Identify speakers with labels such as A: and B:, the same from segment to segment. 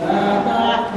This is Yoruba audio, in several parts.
A: La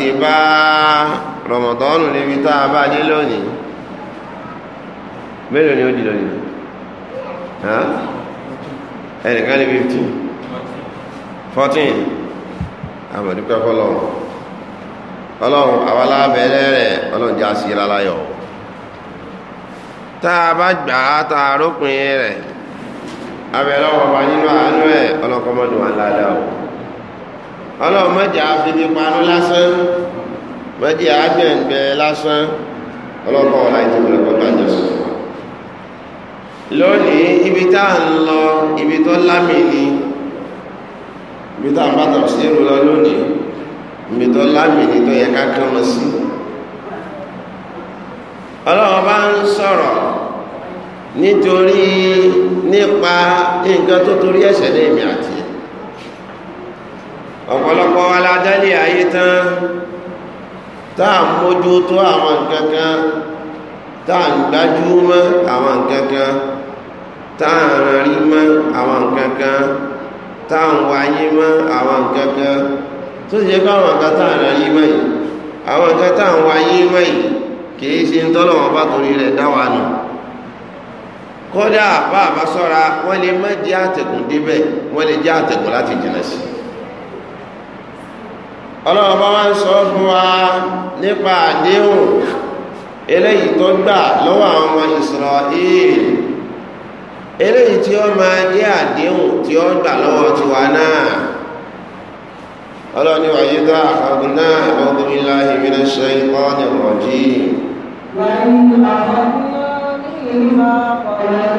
B: ti bá rọmọdọ́nù níbi tá a bá dé lónìí mélòó ni ó di lónìí ẹnìkan ní fifteen fourteen àmọ̀dúpẹ́ fọlọ́run ọlọ́run àwa rẹ̀ ọlọ́run já sí láláyọ̀ tá a bá gbà á tá a rẹ̀ abẹ́lẹ́ ọ̀pọ̀ nínú àánú ẹ̀ ọlọ́kọ́ mọ́dún ọlọ́run mọ́jà fíbi panú lásán mọ́jà agbẹ̀ǹgbẹ̀ lásán ọlọ́run kọ́ ọ̀la ìtòkùn lọ́kọ́ bá jọ sùn fún wa. lónìí ibi tá à ń lọ ibi tó lámì ni ibi tá à ń bá tàbí sí èrò lọ lónìí ibi tó lámì ni tó yẹ ká kán wọn sí. ọlọ́run bá ń sọ̀rọ̀ nítorí nípa nǹkan tó torí ẹ̀ṣẹ̀ ní èmi àti ọ̀pọ̀lọpọ̀ aládálẹ̀ ayé tán táà mójú tó àwọn nǹkan kan táà ń gbájú mọ́ àwọn nǹkan kan táà ń rí mọ́ àwọn nǹkan kan táà ń wáyé mọ́ àwọn nǹkan kan tó ṣe kọ́ àwọn nǹkan táà ń rí mọ́ yìí àwọn nǹkan táà ń wáyé mọ́ yìí kìí ṣe ń tọ́lọ̀ wọn bá torí rẹ̀ dáwà nù kódà bá àbá sọ́ra wọ́n lè má jẹ́ àtẹ̀kùn débẹ̀ wọ́n lè jẹ́ àtẹ̀kùn láti jìnà sí i ọlọ́run bá wá ń sọ fún wa nípa àdéhùn eléyìí tó gbà lọ́wọ́ àwọn ọmọ Ísírẹ́lì eléyìí tí ó máa jẹ́ àdéhùn tí ó gbà lọ́wọ́ tiwa náà ọlọ́run ni dá àkàgùn náà ọgbọ́n mi láàyè ṣe ikọ́ ní ọ̀jì.
A: wàyí àkàgùn náà ní ìlú àpọ̀lọ́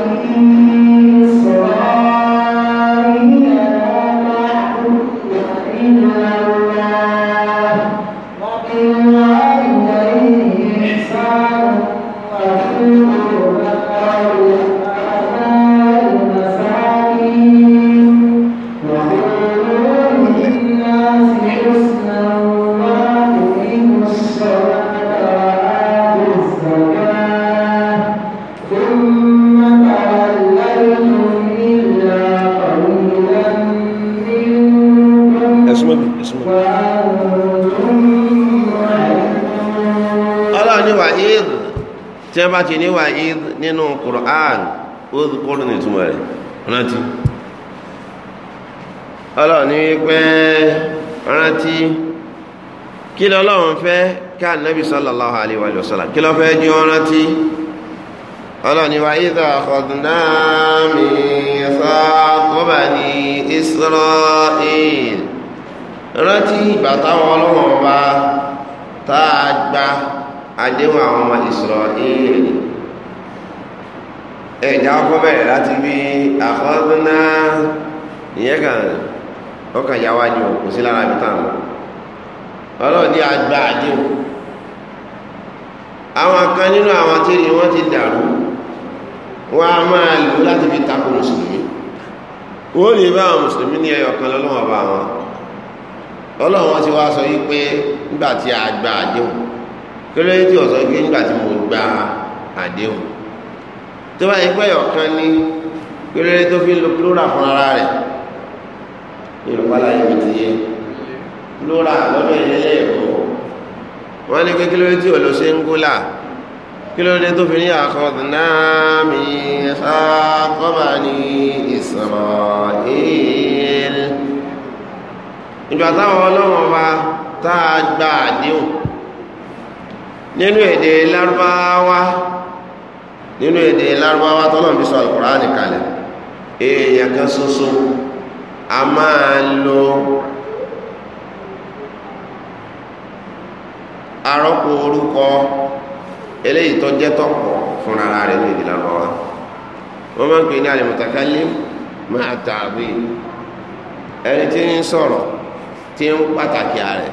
B: kìíní wà idh nínú Qur'an ó kúrò nítumọ̀ rẹ̀ rántí ọlọ́run ní wípé rántí kí lọ́lọ́run fẹ́ ká nàbì sallallahu alaihi wa sallam kí lọ́ fẹ́ jí wọn rántí ọlọ́run wa idha akhadna mithaqa bani Isra'il rántí ìgbà táwọn ọlọ́run ọba tá a gba àdéhùn àwọn ọmọ Isra'il ẹ̀já ọkọ̀ bẹ̀rẹ̀ láti bí àkọ́dúnná ìyẹn kan ọkàn yáwájú kò sí lára ibi táwọn ọlọ́ọ̀dí àgbà àdéhùn àwọn kan nínú àwọn tí wọ́n ti dàrú wọ́n a máa lò láti fi tako mùsùlùmí wọ́n lè bá àwọn mùsùlùmí ní ẹyọ kan lọ́lọ́wọ́ bá wọn ọlọ́wọ́n ti wá sọ wípé nígbà tí a àdéhùn kí ló tí ọ̀sọ́ wípé nígbà tí mo gba àdéhùn tó bá yẹ pé ọ̀kan ní péréré tó fi ń lo plural fún ara rẹ̀ yorùbá láyé mi ti yé plural lọ́dọ̀ ìdílé ẹ̀kọ́ wọ́n ní pé kí ló dé tí ò lo singular kí ló tó fi ní àkọ́dùnà mi sákọ́bà ní Israel ìjọ táwọn ọlọ́wọ́n ọba tá a gba àdéhùn nínú èdè lárúbáwá nínú èdè lárúbáwá tọ́lọ̀ fi sọ alukur'ani kalẹ̀ èèyàn kan ṣoṣo a máa lo arọ́pò orúkọ eléyìí tó jẹ́ tọ̀pọ̀ fúnra rẹ̀ ní èdè lárúbáwá wọ́n máa ń pè ní alimutakallim máa tàbí ẹni tí ń sọ̀rọ̀ tí ń pàtàkì ààrẹ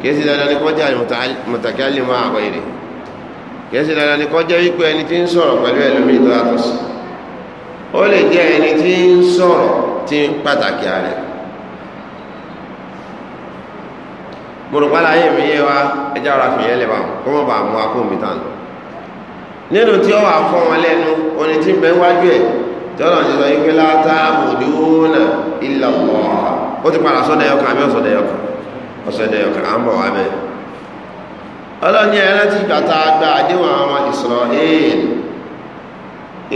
B: kí esi dandan ni kọjá alimutakallim máa wọ èrè. yẹ́sì dandan ni kọjá wípé ẹni tí ń sọ̀rọ̀ pẹ̀lú ẹlòmíì tó yàtọ̀ sí ó lè jẹ́ ẹni tí ń sọ̀rọ̀ tí ń pàtàkì ààrẹ mùrùpálá yìí mi yé wa ẹjá ọ̀rọ̀ àfihàn lè bá kó mọ̀ bá mú akó mi tán nínú tí ó wà wọn lẹ́nu oní tí ọlọ́ni ẹ̀rẹ́ ti gba àdéhùn àwọn ọmọ Israel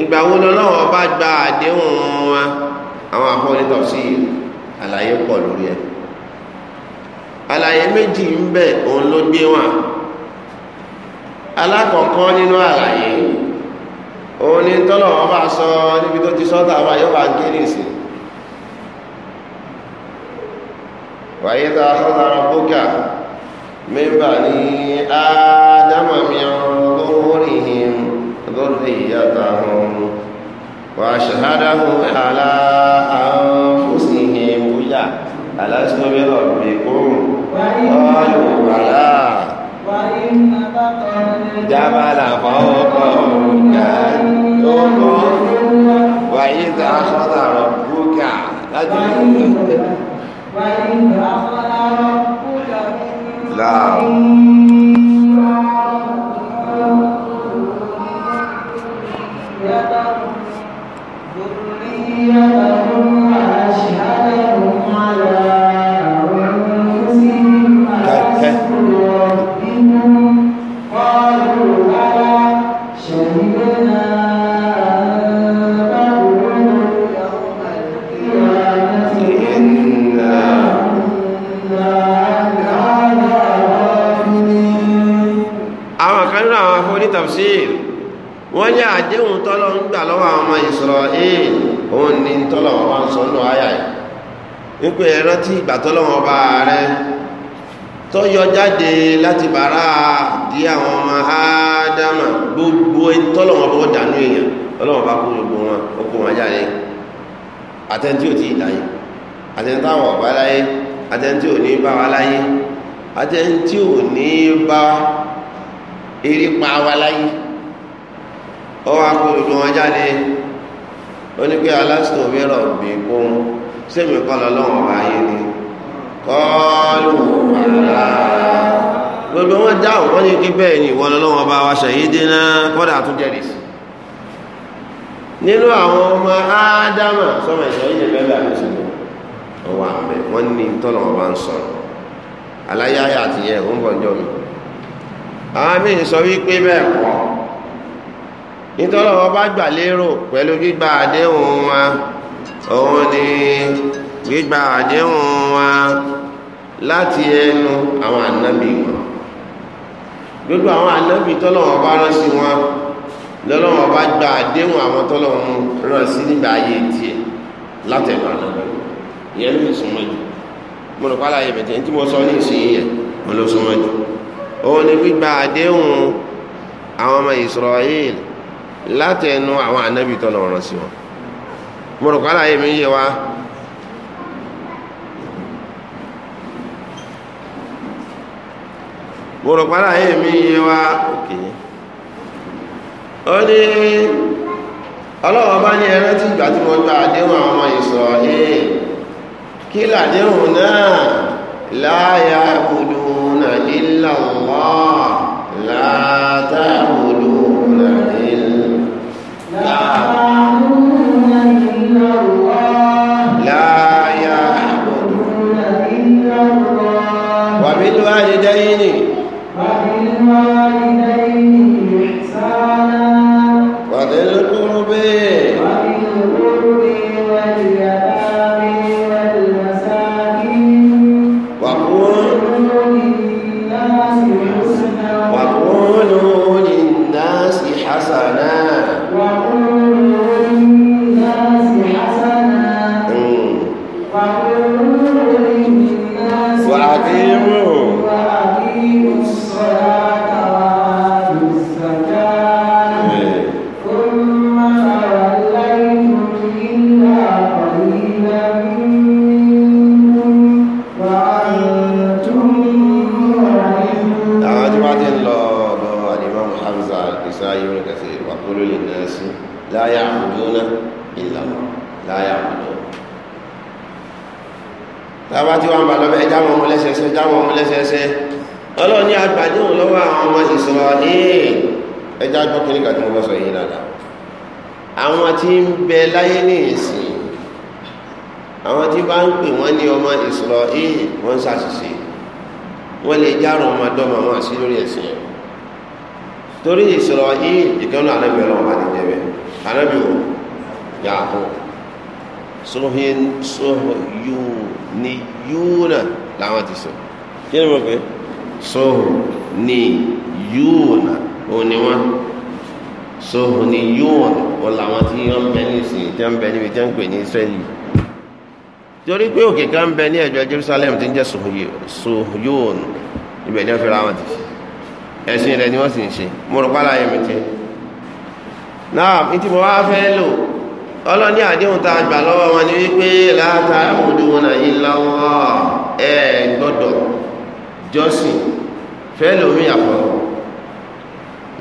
B: ìgbà lọ́wọ́ bá gba àdéhùn wọn àwọn afọ́nitọ̀ sí àlàyé pọ̀ lórí ẹ̀ àlàyé méjì ń bẹ òun ló gbé wọn alákọ̀ọ́kọ́ nínú àlàyé òun ni tọ́lọ̀ wọn bá ti sọ́tà wàyí a sọ́tà من بني آدم من ظهورهم ذريتهم وأشهدهم على أنفسهم قل ألست بربكم قالوا بلى
A: جبل فوقهم كان وإذا أخذ ربك وإذا
B: love. wípé ẹ̀rọ tí ìgbà tọ́lọ́wọ́n ọba rẹ tó yọ jáde láti bàárà di àwọn ọmọ ádámà gbogbo tọ́lọ́wọ́n ọba dànù èèyàn tọ́lọ́wọ́n bá kó gbogbo wọn ó kó wọn jáde àtẹ̀ntí ò tí ì láyé àtẹ̀ntí àwọn ọ̀bá láyé àtẹ̀ntí ò ní bá wa láyé àtẹ̀ntí ò ní bá erépa wa láyé ó wá kó gbogbo wọn jáde ó ní pé alásùnwó mi rọ̀ bí kó sẹ́mi kan lọ lọ́wọ́ ọba ayé ni kọ́ọ̀lù wàlá gbogbo wọn dáhùn wọn ní kí bẹ́ẹ̀ ni ìwọ lọ́wọ́ ọba wa ṣàyédé náà kọ́dà tún jẹ́rìí sí nínú àwọn ọmọ ádámà sọmọ ìṣọ́ yìí bẹ́ẹ̀ bẹ́ẹ̀ àbẹ̀sẹ̀ lọ ọwọ́ àbẹ̀ wọ́n ní tọ́lọ̀ ọba ń sọ̀rọ̀ aláyáyà àti yẹ ò ń bọ̀ jọ mi àwọn míì sọ wípé bẹ́ẹ̀ pọ̀ nítorí ọba gbà lérò pẹ̀lú gbígba àdéhùn wọn òun ni gbígba àdéhùn wa láti ẹnu àwọn ànábì wọn gbogbo àwọn ànábì tọ́lọ́wọ́n bá rán sí wọn lọ́lọ́wọ́n bá gba àdéhùn àwọn tọ́lọ́wọ́n rán sí nígbà ayé tiẹ̀ látẹ̀nu ànábì ìyẹn ló súnmọ́ jù mo rò pálá ayé tí mo sọ ní ìsinyìí yẹn mo ló súnmọ́ jù òun ni gbígba àdéhùn àwọn ọmọ Ísírẹ́lì látẹ̀nu àwọn ànábì tọ́lọ́wọ́n rán sí wọn. mo rò kálàyé mi yé wa mo rò òkè ó ní ọlọ́wọ́ bá ní ẹran tí ìgbà tí mo gba àdéhùn àwọn ọmọ Ísírẹ́lì kí làdéhùn náà láyà ya'buduna illa Allah látàbùdó Isra'il wọ́n ń ṣàṣìṣe wọ́n lè járun ọmọdọ́mọ wọn sí lórí ẹ̀sìn yẹn torí Isra'il ìkànnì anábì ọlọ́run bá ti jẹ́bẹ̀ anábì ò yàtọ̀ sọ́hìnìyúnà làwọn ti sọ kí ni mo pè é sọ́hìnìyúnà òní wọn sọ́hìnìyúnà wọn làwọn ti yọ ń bẹ ní ìsìn tí wọn bẹ níbi tí wọn pè ní Isra'il torí pé òkè kan ń bẹ ní ẹ̀jọ́ Jerusalem ti ń jẹ́ sohyon ibẹ̀ ní ọ̀fẹ́ ráwọn ti ẹ̀sìn rẹ̀ ni wọ́n sì ń ṣe mo rò pálá yẹn mi ti náà ní tí mo wá fẹ́ lò ọlọ́ní àdéhùn tá a gbà lọ́wọ́ wọn ni wípé láta ìmúdúnwọ̀nà ìlàwọ̀ ẹ̀ gbọ́dọ̀ jọ́sìn fẹ́ lómi àpọ̀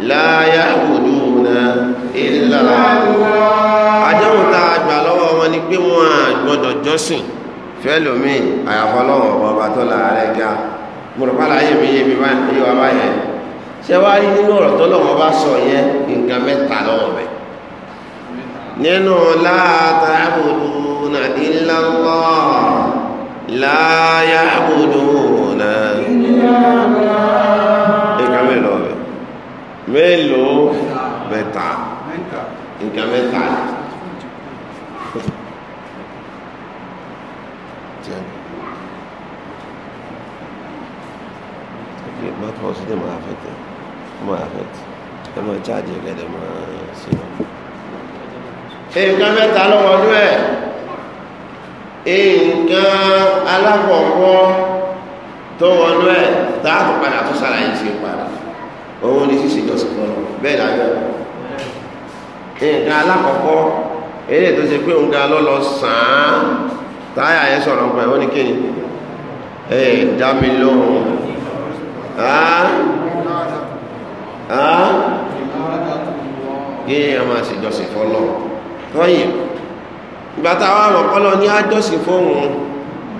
B: láyá ìmúdúnwọ̀nà ìlàwọ̀ àdéhùn tá a gbà lọ́wọ́ wọn ni pé wọ́n gbọ́dọ̀ jọ́sìn ìfẹ́ lómi àyàfọ́ lọ́wọ́ ọba tó láàárẹ̀ ga mùrùpàlà yé mi yé mi bá yé wa bá yẹn ṣé wàá rí nínú ọ̀rọ̀ tó lọ́wọ́ bá sọ yẹn nǹkan mẹ́ta mélòó mẹ́ta nǹkan mẹ́ta ni. course dey ma affect ẹ ó ma affect ẹ ma charge ẹ kẹ́dẹ̀ ma ṣe wọn. nǹkan mẹ́ta lọ́wọ́ ọdún ẹ̀ nǹkan alákọ̀ọ́kọ́ tó wọnú ẹ̀ táàbù padà tó ṣàlàyé ṣe padà owó ní ṣíṣe ìjọsìn kan lọ bẹ́ẹ̀ kí ẹ máa ṣèjọsìn fọlọ lọ́yìn ìgbà táwa àwọn ọpọlọ ní àjọsìn fóun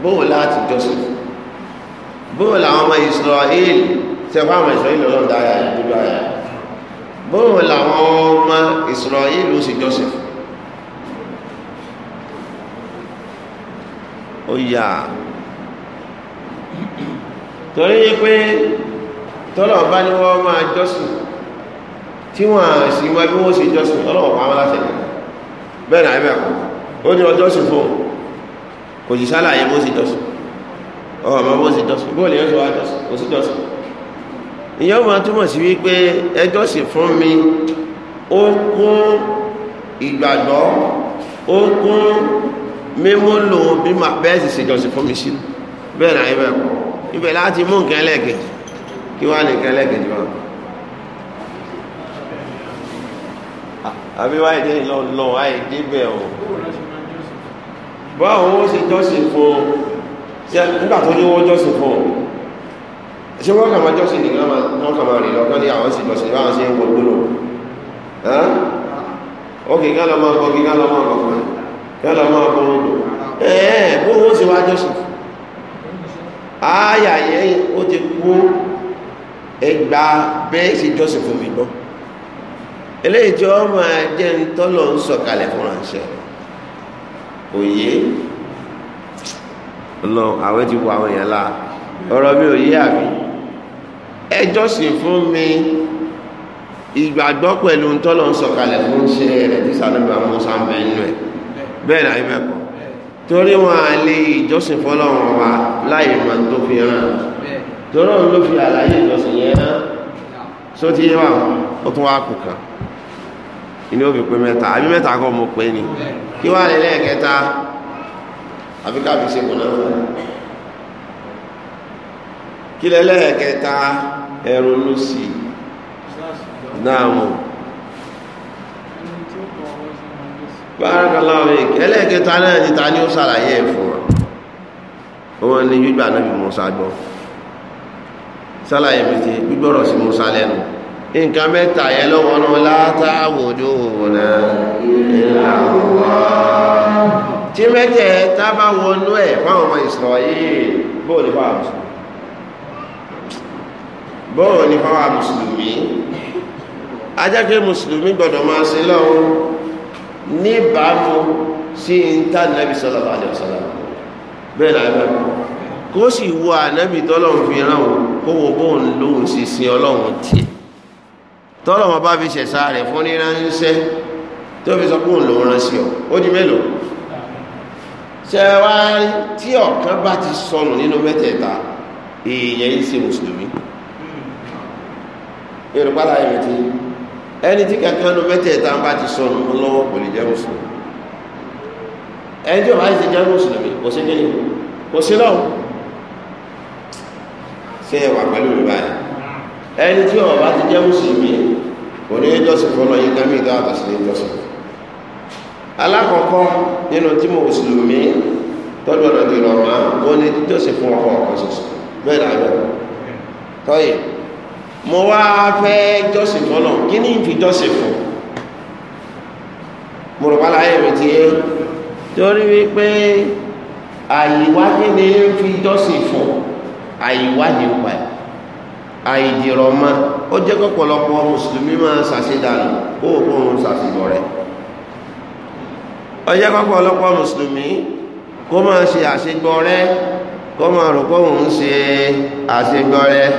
B: bóun láti jọsìn bóun làwọn ọmọ Israel tẹfọ àwọn Israel lọ́dọ̀ dára ìdúró ayà bóun làwọn ọmọ Israel ó sì jọsìn fún torí pé tọ́lọ̀ bá ní wọ́n máa jọ́sìn tí wọ́n sì wọ́n bí wọ́n sì jọ́sìn ọlọ́wọ́ pa wọn láti bẹ́ẹ̀ náà ẹ̀bẹ̀ kọ́ ó ní ọjọ́ sùn fún kò sì sálàyé bó sì jọ́sìn ọmọ ọmọ bó sì jọ́sìn bó lè yọ́sùn wá jọ́sìn kò sí jọ́sìn ìyá wọn túmọ̀ sí wípé ẹjọ́ sì fún mi ó kún ìgbàgbọ́ ó kún mímúlò bí màá bẹ́ẹ̀ sì ṣèjọ́sìn fún mi sí bẹ́ẹ̀ náà ibẹ̀ láti mú nǹkan ẹlẹ́ẹ̀kejì kí wá nǹkan ẹlẹ́ẹ̀kejì wọn. àbí wáyé dé lọ́nà wáyé débẹ̀ o báwo ó ṣe jọ́sìn fún un ṣe nígbà tó ní wọ́n jọ́sìn fún un ṣé wọ́n kà máa jọ́sìn nìkan wọ́n kà máa rìn lọ́kàn ní àwọn sì jọ́sìn báwọn ṣe ń wọ gbólò ókè ká ààyà yẹn ó ti kú ẹgbà bẹ́ẹ̀ sì jọ́sìn fún mi gbọ́ eléyìí tí wọ́n máa jẹ́ ń tọ́lọ̀ ń sọ̀kalẹ̀ fún ránṣẹ́ òye lọ àwọn ti wọ àwọn èèyàn la ọ̀rọ̀ mi ò yé àbí ẹ jọ́sìn fún mi ìgbàgbọ́ pẹ̀lú ń tọ́lọ̀ ń sọ̀kalẹ̀ fún ṣe rẹ̀ tí sàdọ́gba mọ́sá ń bẹ nínú ẹ̀ bẹ́ẹ̀ náà ibẹ̀ kọ́ torí wọn à lè ìjọsìn fọlọ́run wa láì máa tó fi hàn torí òun ló fi àlàyé ìjọsìn yẹn hàn só ti yé wa ó tún wá kù kan inú ó fi pé mẹ́ta àbí mẹ́ta kọ́ mo pé ni kí wàá lè lẹ́ẹ̀kẹta àbí ká fi ṣe kùnà fún un kí lẹ́lẹ́ẹ̀kẹta ẹ̀rọ ló sì náà mọ̀. bárakàláwìk ẹlẹ́ẹ̀kẹta náà ni ta ni ó sàlàyé ẹ̀ fún wa wọn ni gbígbà náà bí Musa gbọ́ sàlàyé mi ti gbígbọ́rọ̀ sí Musa lẹ́nu nǹkan mẹ́ta yẹn lọ́wọ́ náà látàwòjò náà tí mẹ́tẹ̀ tá bá wọnú ẹ̀ fáwọn ọmọ Ísírẹ́lì mùsùlùmí bóò mùsùlùmí gbọ́dọ̀ máa ṣe lọ́wọ́ níbàámu sí ìta nàbí sallallahu alaihi wasallam bẹ́ẹ̀ náà bẹ́ẹ̀ kó sì wo ànábì tọ́lọ́run fi ràn wọ́n kó wo bóun lóun sì sin ọlọ́run tiẹ̀ tọ́lọ́run bá fi ṣẹ̀sà rẹ̀ fún níránṣẹ́ tó fi sọ bóun lòun rán sí ọ ó di mélòó ṣẹwàárí tí ọ̀kan bá ti sọnù nínú mẹ́tẹ̀ẹ̀ta èèyàn ń ṣe mùsùlùmí yorùbá láyé mi ti ẹni tí kankan nu mẹ́tẹ̀ẹ̀ta bá ti sọnù lọ́wọ́ kò lè mùsùlùmí ẹni tí bá ti jẹ́ mùsùlùmí kò sí kíni kò sí mi báyìí ẹni tí o bá ti jẹ́ mùsùlùmí kò ní ìjọsìn fọlọ yìí kámi ìdá àtàsí nínú tí mo mùsùlùmí mo wá fẹ́ jọ́sìn fọ́nà kí ni ìfi jọ́sìn fún mo rò wá láyé mi ti yé torí wípé àìwádìí ni ń fi jọ́sìn fún àìwádìí wà àìdìrọ̀ ma ó jẹ́ kọ́pọ̀lọpọ̀ mùsùlùmí máa ṣàṣedànù kó o kó òun ṣàṣìbọ̀ rẹ̀ ó jẹ́ kọ́pọ̀lọpọ̀ mùsùlùmí kó máa ṣe àṣegbọ́ rẹ̀ kó máa rò kó òun ṣe àṣegbọ́ rẹ̀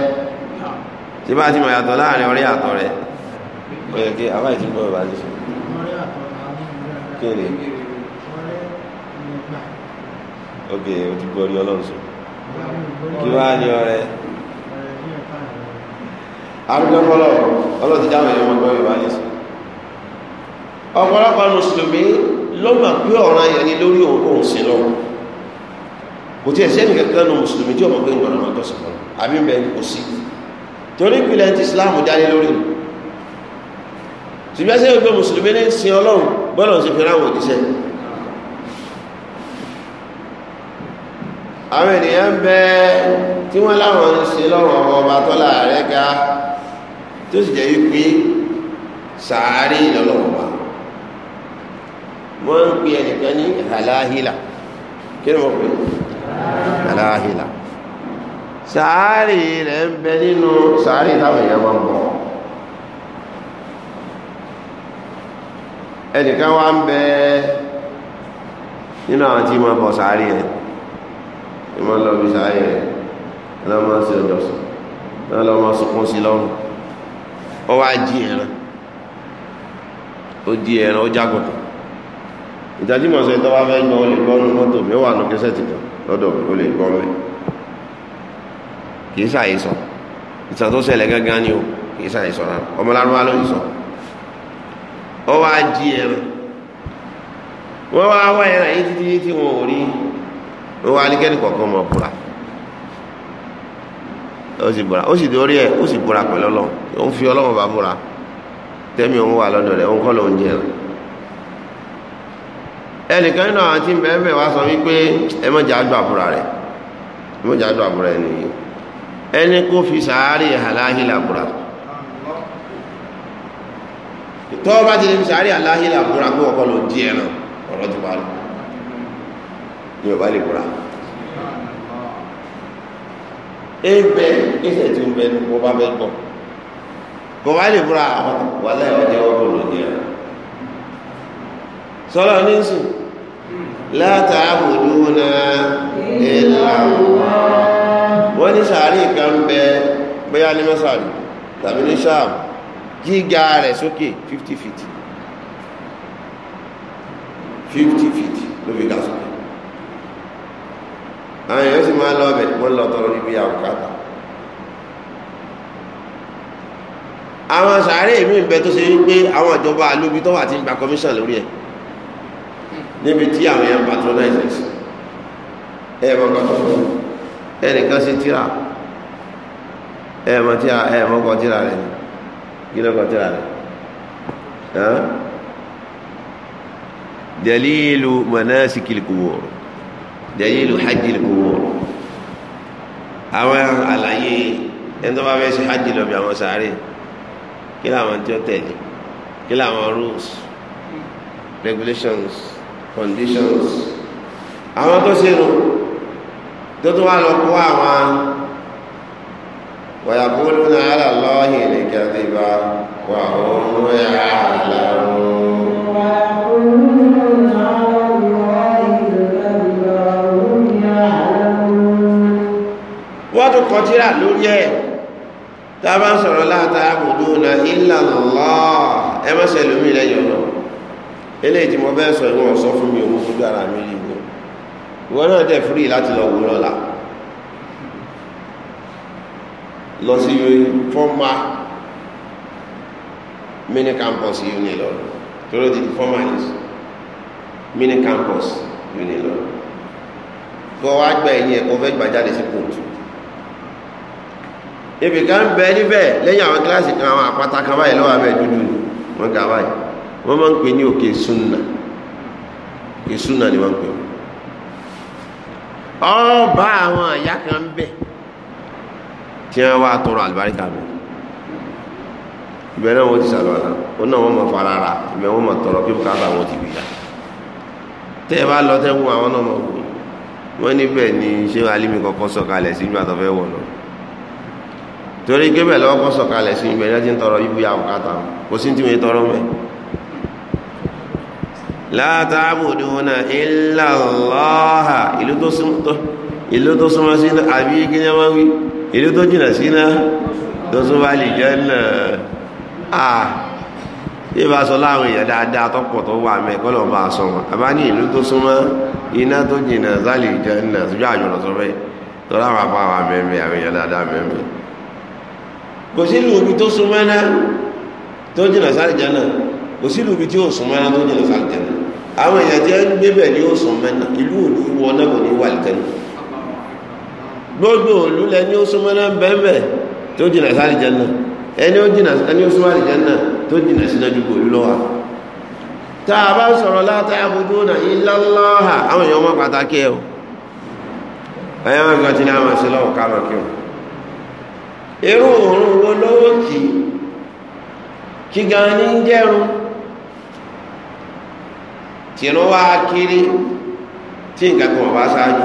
B: tí bá ti mọ̀ yàtọ̀ láàrin ọ̀rẹ́ àtọ̀ rẹ̀ ó yẹ kí àwọn ìtú gbọ́ ti sùn. kí ni ok o ti gbọ́ rí ọlọ́run sùn kí wá ní ọ̀rẹ́ arúgbó fọlọ ọlọ́run ti dáhùn ẹ̀yọ́ gbọ́ bá ti sùn. ọ̀pọ̀lọpọ̀ mùsùlùmí ló mọ̀ pé ọ̀ràn yẹn ni lórí òun kò sí lọ kò tí ẹ̀ sẹ́ni kankan nu mùsùlùmí tí ọmọ gbé ń gbọ́dọ̀ máa àbí bẹ́ẹ̀ kò sí torí ìpìlẹ̀ tí islam jáde lórí ṣùgbọ́n sí ìgbé mùsùlùmí ní sin ọlọ́run bọ́lọ̀ sí fẹ́ràn òjíṣẹ́ àwọn ènìyàn bẹ tí wọ́n láwọn ń sin lọ́rùn ọmọ ọba tó láàrẹ́ ga tó sì jẹ́ wípé sàárì lọ́lọ́run wọ́n ń pe ẹnìkan ní àláhìlà kí ni wọ́n pè é sàárì rẹ̀ ń bẹ nínú sàárì táwọn èèyàn máa ń bọ̀ ẹnìkan wá ń bẹ nínú àwọn tí ma bọ̀ sàárì rẹ̀ tí ma lọ bí sàárì rẹ̀ lọ́mọ sí ọjọ́ sùn náà lọ́mọ sunkún sí lọ́rùn ó wá jí ẹran ó jí ẹran ó jágùntàn ìdájí sọ ìtọ́wá fẹ́ gbọ́ ó lè gbọ́ nínú mọ́tò mi ó wà nù kẹsẹ̀ tìkan lọ́dọ̀ ó lè gbọ́ mẹ́rin kìí ṣàyè sọ ìtàn tó ṣẹlẹ̀ gángan ni o kìí ṣàyè sọ rárá ọmọ ló ń sọ ọ wá jí wọ́n wá wá ẹran yìí títí tí wọn ò rí wọ́n wá alikẹ́ni kọ̀ọ̀kan mọ̀ búra ó sì búra ó sì dórí ẹ̀ ó sì búra pẹ̀lú ọlọ́run òun fi ọlọ́run bá búra tẹ́mi òun wà lọ́dọ̀ rẹ̀ òun kọ́ jẹ́ ẹnìkan nínú àwọn tí ń bẹ́ẹ̀ bẹ́ẹ̀ wá sọ wípé ẹ mọ̀jà rẹ̀ ẹ mọ̀jà nìyí. ẹni kó fi sàárè aláhìlà búra tó bá ti fi sàárè aláhìlà búra kó ọkọ lọ di ẹran ọ̀rọ̀ ti parí ni ọba lè búra ebe ẹsẹ̀ tí ń bẹ ní kó bá fẹ́ kó bá lè búra àwọn wàlẹ́ ọjọ́ ọkọ lọ di ẹran sọlọ ní sùn látàbùdúnà ìlànà wọ́n ní sàárì kan bẹ bóyá ní mẹ́sàárì tàbí ní sáàm gíga rẹ̀ sókè 50 feet 50 feet ló fi ga sókè àwọn èèyàn sì máa lọ bẹ̀ wọ́n lọ tọrọ níbi àwòkátà àwọn sàárè mi bẹ tó ṣe wípé àwọn ìjọba àlóbi tó wà ti ń gba commission lórí ẹ̀ níbi tí àwọn èèyàn patronize ẹ̀ ẹ̀ mọ̀ nǹkan tó fún un ẹnìkan sí tíra ẹ̀mọ̀ tíra ẹ̀mọ̀ kọ tíra rẹ̀ kí ló kọ tíra rẹ̀ dalilu manasikil kubur dalilu hajjil kubur àwọn àlàyé ẹni tó bá fẹ́ ṣe hajj lọ bí àwọn sáré kí làwọn tí ó tẹ̀lé kí làwọn rules regulations conditions àwọn tó ṣe nù tó tún wá lọ kó àwọn wàyàbó lónà aláàlọ́hìn ní kẹ́tìbá wà òun yà láàrún. wọ́n tún kọtíra lórí ẹ̀ tá a bá ń sọ̀rọ̀ láta àbùdó na ìlànà ẹ má lómi lẹ́yìn ọ̀nà eléyìí tí mo bẹ́ẹ̀ sọ ìwọ̀n sọ fún mi òun fún dára mi rí i ìwọ náà dẹ̀ fúrí láti lọ wò lá lọ sí fọ́nmà mini campus uni lọ tóró ti di fọ́nmà yìí mini campus uni lọ kọ́ wá gbà ẹ̀yìn ẹ̀kọ́ fẹ́ gbà jáde sí kóòtù ibì kan ń bẹ níbẹ̀ lẹ́yìn àwọn kíláàsì kan àwọn àpáta kan báyìí lọ́wọ́ abẹ́ dúdú ni wọ́n ga báyìí wọ́n máa ń pè ní òkè sunna òkè sunna ni wọ́n ń pè ọba àwọn àyá kan ń bẹ tí wọ́n wá tọrọ àlùbáríkà bẹ̀ ìbẹ̀ náà wọ́n ti sàlọ́lá ó náà wọ́n mọ̀ fara ra ìbẹ̀ wọ́n mọ̀ tọrọ kí bùkátà wọn ti bìyà tẹ́ ẹ bá lọ tẹ́ wọn àwọn náà mọ̀ wò wọ́n níbẹ̀ ni ṣé alími kọ́kọ́ sọ̀kalẹ̀ sí ìgbà tó fẹ́ wọ̀ lọ torí gébẹ̀ lọ́wọ́ kọ́ sọ̀kalẹ̀ sí ìgbẹ̀ náà ti ń tọrọ ibùyà bùkátà kò sí ti wọ́n tọrọ mẹ́ látàbùdúnà ìlàláhà ìlú tó súnmọ́ sí àbí gíní wọ́n wí ìlú tó jìnà sí náà tó súnmọ́ lè jẹ́ náà à bí bá sọ láwọn èèyàn dáadáa tọ́pọ̀ tó wà mẹ́ kọ́lọ̀ bá sọ wọn àbá ní ìlú tó súnmọ́ iná tó jìnà sálì jẹ́ náà kò sí tí yóò sún mẹ́rin tó jẹ́ lọ àwọn èèyàn tí gbé ni yóò sún mẹ́rin ìlú òní wọ náà kò ní wà gbogbo òlú lẹ ní ó sún mẹ́rin bẹ́ẹ̀ tó jìnà sàlùjẹ́ náà ẹni ó jìnà ẹni ó sún mẹ́rin jẹ́ náà tó jìnà sínú lọ́wọ́ tá a bá sọ̀rọ̀ ọmọ tìrún wá kiri tí nǹkan kan bá ṣáájú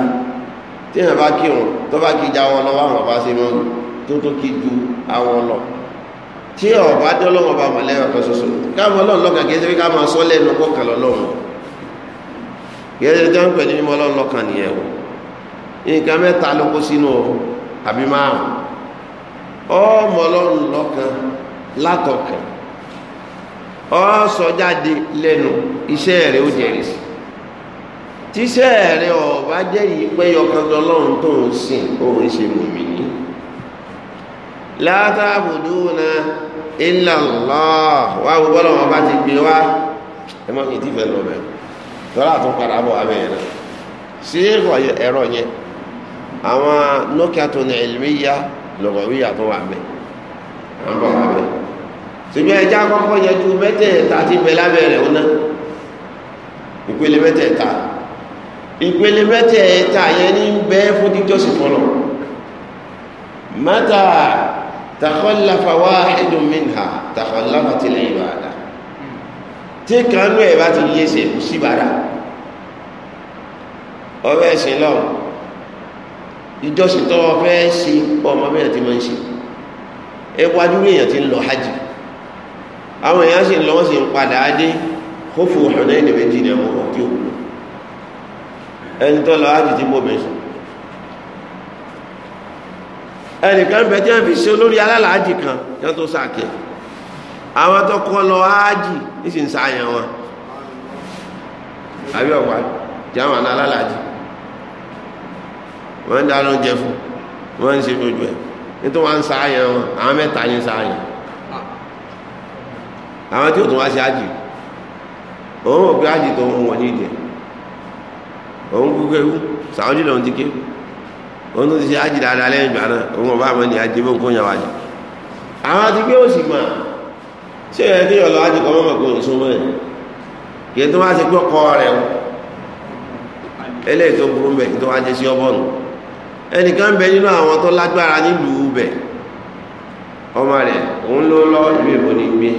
B: tí èèyàn bá kírun tó bá kí já wọn lọ wá wọn bá ṣe mọ tó tó kí ju àwọn lọ tí ọba dé ọlọ́wọ́ bá mọ̀ lẹ́yìn ọ̀kan ṣoṣo káwọn ọlọ́run lọ́kàn kì í ṣe pé ká máa sọ lẹ́nu kọ́kàn lọ́lọ́run kì í ṣe tó ń pè ní mímọ́ nìyẹn o nǹkan mẹ́ta ló kó sínú o àbí márùn ọmọ ọlọ́run lọ́kàn látọ̀kàn ọ sọ jáde lẹ́nu iṣẹ́ rẹ̀ ó jẹ́rìí sí tíṣẹ́ rẹ̀ ọ̀bá jẹ́rìí pé ọkàn lọ́lọ́run tó ń sìn òun ṣe mùmíní látàbùdú na ìlànlá wà wọ́n bọ́lọ̀ wọn bá ti gbé wá ẹ mọ́ ti fẹ́ lọ bẹ̀rẹ̀ tọ́lá tó padà bọ̀ abẹ́ yẹn sí ẹ̀rọ yẹn àwọn nokia tó ní ẹ̀lmíyà lọ́gọ̀wíyà tó wà bẹ́ẹ̀ àwọn bọ̀ wà bẹ́ẹ̀ ṣùgbọ́n ẹja kọ́kọ́ yẹjú mẹ́tẹ̀ẹ̀ta ti bẹ lábẹ́rẹ̀ ọ̀nà ìpele mẹ́tẹ̀ẹ̀ta ìpele mẹ́tẹ̀ẹ̀ta yẹn ní bẹ́ fún díjọ́sìn fọlọ́ mẹ́ta takhallafa wahidun minha takhallafatil ibada tí kanú ẹ̀ bá ti yé ṣe kù síbàdà ọbẹ̀ ẹ̀sìn lọ́wọ́ ìjọsìn tó wọ́n fẹ́ ṣe ọmọ bẹ́ẹ̀ ti máa ń ṣe ẹ wájú èèyàn ti ń lọ hajj àwọn èèyàn sì ń lọ wọ́n sì ń padà dé kófò ọ̀nà ìdè méjì ní àwọn ọ̀kí òkú ẹni tó lọ ájì tí bóbi sùn ẹnìkan bẹ tí wọ́n fi ṣe olórí alálàájì kan tí wọ́n tó sàkẹ́ àwọn tó kọ́ lọ ájì nísìnyí sáyẹn wọn àbí ọ̀pá tí àwọn alálàájì wọ́n ń dáná jẹ fún wọ́n ń ṣe gbogbo ẹ̀ nítorí wọ́n ń sáyẹn wọn àwọn mẹ́ta ní sáyẹn àwọn tí ó tún wá ṣe ájì òun ò pé ájì tó ń wọ̀n ní ìdẹ̀ òun kú kéwú sàwọ́dì lòun ti kéwú òun tó ti ṣe ájì dáadáa lẹ́yìn ìgbà náà òun ọba àmọ́ ni ajé bó ń kó yan àwọn ti gbé òsì mà ṣé ẹ kí ọlọ ájì kan mọ́mọ́ kó ń sún mọ́ẹ̀ kì í tó wá ṣe pé ọkọ rẹ̀ o eléyìí tó burú mbẹ tó wá jẹ sí ọbọ̀nù ẹnìkan bẹ nínú àwọn tó lágbára nílùú bẹ ọmọ rẹ̀ òun ló lọ ìlú èbó ní gbé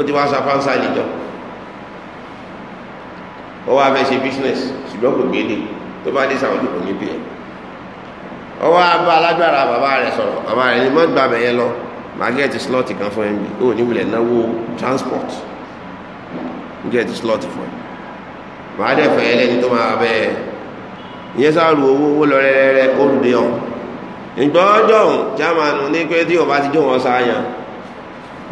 B: ó ti wá sa fáńsá ìjọ ó wá fẹ́ ṣe business ṣùgbọ́n kò gbélé tó bá dé sàwọn òdìbò níbi ẹ̀ ó wá bá alágbára bàbá rẹ̀ sọ̀rọ̀ bàbá rẹ̀ ni mọ́gbà bẹ̀yẹ lọ magẹ́ẹ̀tì slot kan fún ẹ̀mí ó ní wulẹ̀ náwó transport magẹ́ẹ̀tì slot fún ẹ̀ màá dẹ̀ fẹ́ ẹlẹ́ni tó máa bẹ́ ẹ ìyẹn sáàrù owó owó lọ rẹ́rẹ́rẹ́ olùdé ọ̀hún ìgbọ́jọ́ ọ̀hún jámanu ní pé tí ò bá ti jó wọn sáyàn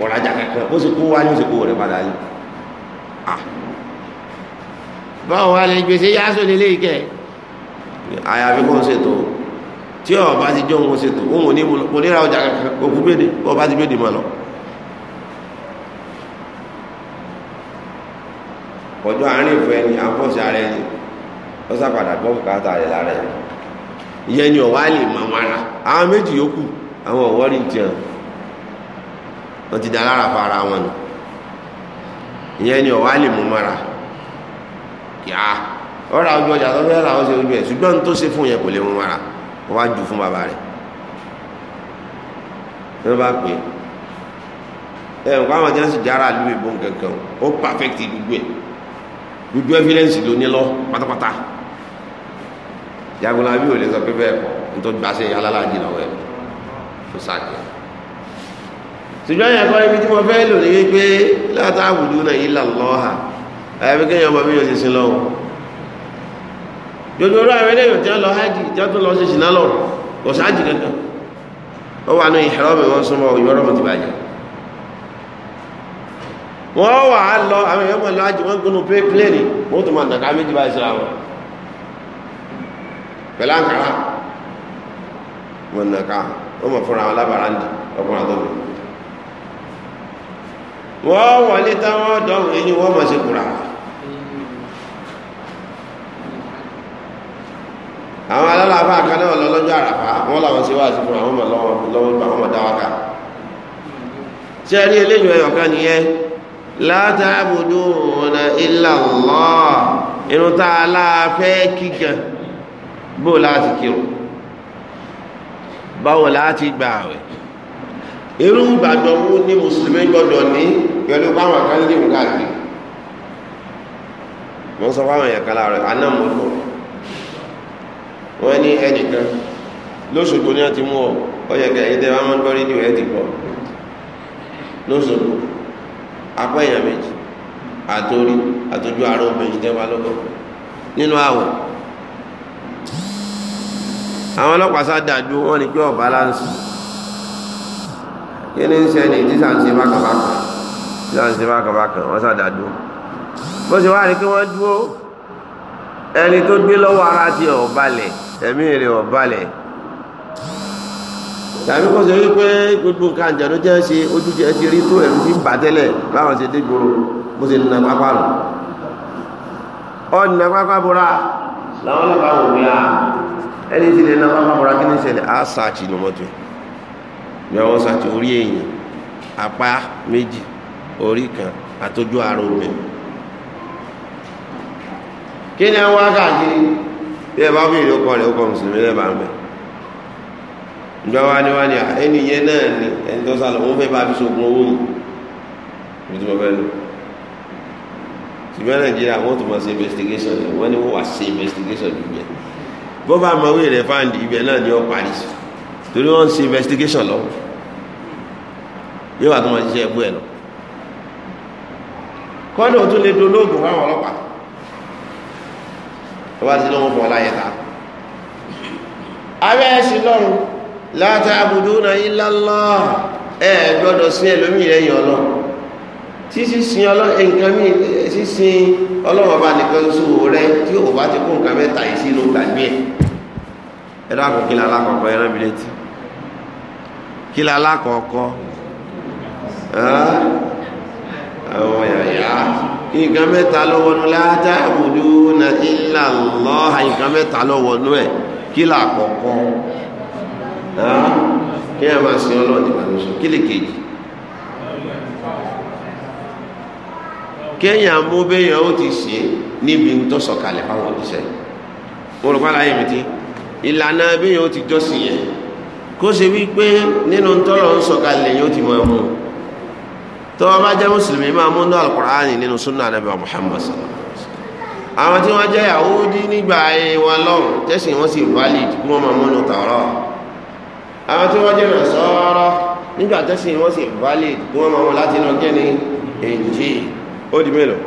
B: ọ̀rajà kankan bó ṣe kó wá ní oṣù kó rẹ̀ padà yìí báwo wá lè gbèsè yáṣọ lélẹ́ ìkẹ́ àyàfi kò ń ṣètò tí ọba ti jọ òun ṣètò òun ò ní mo níra ọjà kankan òkú bèdè ọba ti bèdè mọ́ lọ. ọjọ́ àárín ìfọ ẹni àfọ́sí ara ẹni ó sàpadà gbọ́ bùkátà rẹ̀ lára ẹni ìyẹn ni ọ̀wá lè mọ̀ wọn ara àwọn méjì yòókù àwọn ọ̀wọ́rìn jẹun wọ́n ti dá lára fa ara wọn nù ìyẹn ni ọ̀wá lè mú mọ́ra yá ọ̀rọ̀ ojú ọjà tó fẹ́ làwọn ṣe ojú ẹ̀ ṣùgbọ́n tó ṣe fún yẹn kò lè mú mọ́ra wọ́n wá jù fún bàbá rẹ̀ ló bá pè é ẹ̀ nǹkan àwọn jẹ́rìí sì jára lu ìbọn kankan ó pàfẹ́kìtì dúdú ẹ̀ dúdú ẹ́fídẹ́ǹsì ló ní lọ pátápátá Jagunlabi ò lè sọ pé bẹ́ẹ̀ kọ́ nítorí gbàṣẹ́ yàrá láàjì lọ́wọ́ ẹ̀ tó sáà kẹ́ ṣùgbọ́n yẹn kọ́ ibi tí mo fẹ́ lò ní wípé látàbùdú náà yìí làlọ́hà àyàfi kéèyàn ọmọ mi yóò ṣe sí lọ́wọ́ jòjò rú àwọn eléyìí tí wọ́n lọ hajj tí wọ́n tún lọ ṣe ṣìnà lọ kò sáájì kankan ó wà ní ìhẹ́rọ́ mi wọ́n súnmọ́ ìwọ́rọ́ mi ti bàjẹ́ wọ́n wà á lọ àwọn èèyàn mọ̀ lọ́ájì wọ́n gbónú pé pléèrè wọ́n tún máa nàka méjì báyìí síra wọn pẹ̀lú àǹkárá wọn nàka wọ́n mọ̀ fúnra wọn lábàrá ń di ọkùnrin àtọ́kùnrin wọ́n wọlé táwọn ọ̀dọ́rùn ẹni wọ́n mọ̀ sí kùrà àwọn alálàáfà kan náà àràfà wọ́n làwọn sí wà sí kùrà wọ́n mọ̀ lọ́wọ́ gbà wọ́n mọ̀ dáwàkà tí báwo láti gbà àwẹ̀ irú ìgbàgbọ́ wo ni mùsùlùmí gbọdọ̀ ní pẹ̀lú báwọn kan lè wù káàkiri mo ń sọ fáwọn èèyàn kan láàárọ̀ àná mo lọ wọn ní ẹnìkan lóṣogbo ni wọn ti mú ọ ọyẹ kẹyìn tẹ wọn máa ń gbọ́ rédíò ẹ ti gbọ́ lóṣogbo apá èèyàn méjì àtórí àtójú àárọ̀ obìnrin tẹ wọn lọgọ nínú àwọ àwọn ọlọ́pàá sá dájú wọn ni pé ọba láǹsì kí ni ń ṣe ni tí sàn ṣe bákàbákà tí sàn ṣe bákàbákà wọ́n sàdádó bó ṣe wá rí kí wọ́n dúró ẹni tó gbé lọ́wọ́ ara ti ọ̀balẹ̀ ẹ̀mí rẹ̀ ọ̀balẹ̀ tàbí kó ṣe wípé gbogbo nǹkan àjàdó jẹ́ ṣe ojú jẹ́ ti rí tó ẹ̀rù fi ń bà tẹ́lẹ̀ báwọn ṣe dé gbòòrò bó ṣe nà pápá rò ọ̀nà pápá bora làwọn lọ́pàá wò ní ah, ẹni tí lè nà pápá bora kí ni ṣẹlẹ̀ á sàchì ní mẹ́wọ́n sàti orí èèyàn apá méjì orí kan àtọ́jú ara obìnrin kí ni àwọn akáàkiri bí ẹ bá fi ìlú kọ rẹ ó kọ mùsùlùmí lẹ́bà ń bẹ̀ ìjọba ni wá ní à ẹni yẹn náà ni ẹni tó sálọ wọn fẹ́ bá fi ṣògùn owó yìí bí tí mo fẹ́ lò ṣùgbọ́n nàìjíríà wọ́n tún máa ṣe investigation wọ́n ní wọ́n wá ṣe investigation jù bẹ́ẹ̀ bó bá mọ̀ wí rẹ̀ fáǹdì ibẹ̀ náà ni ó parí sí torí wọ́n ń ṣe investigation lọ́wọ́ yóò wà tó máa ṣiṣẹ́ ẹ̀kú ẹ̀ lọ kọ́dọ̀ tún lè dolóògùn fáwọn ọlọ́pàá tó bá ti lọ́wọ́ bọ̀ láyé ta abẹ́ ẹ̀sìn lọ́run láti àbùdó náà illa Allah ẹ̀ gbọ́dọ̀ sí ẹlòmíì lẹ́yìn ọlọ́run tí sísin nǹkan mi sísin ọlọ́run ọba nìkan ṣoṣo rẹ tí òun bá ti kó nǹkan mẹ́ta yìí sí ló gbàgbé ẹ̀ ẹ̀rọ àkọ́kí lálákọ̀ọ́kọ́ ẹ̀rọ bílétì kí la lákọ̀ọ́kọ́ ọmọ yàyà nǹkan mẹ́ta ló wọnú láàtà àbùdúnà illa Allah nǹkan mẹ́ta ló wọnú ẹ̀ kí la kọ̀ọ̀kọ́ kí ẹ máa sin ọlọ́run nígbà tó sọ kí lè kejì kéèyàn mú béèyàn ó ti ṣe níbi tó sọ̀kalẹ̀ fáwọn òṣìṣẹ́ olùkọ́ àlàyé mi ti ìlànà béèyàn ó ti jọ́sìn yẹn kó ṣe wípé nínú tọ́lọ̀ ń sọ̀kalẹ̀ yóò ti máa mú tó o bá jẹ́ mùsùlùmí máa mú ní alukur'ani nínú sunna anabi muhammad sallallahu alaihi wasallam àwọn tí wọ́n jẹ́ yahudi nígbà ayé wọn lọ́rùn tẹ́sìn wọn sì valid kí wọ́n máa mú ní tààrọ̀ àwọn tí wọ́n jẹ́ nasara nígbà tẹ́sìn wọn sì valid kí wọ́n máa mú láti inú kẹ́ni èjì ó di mélòó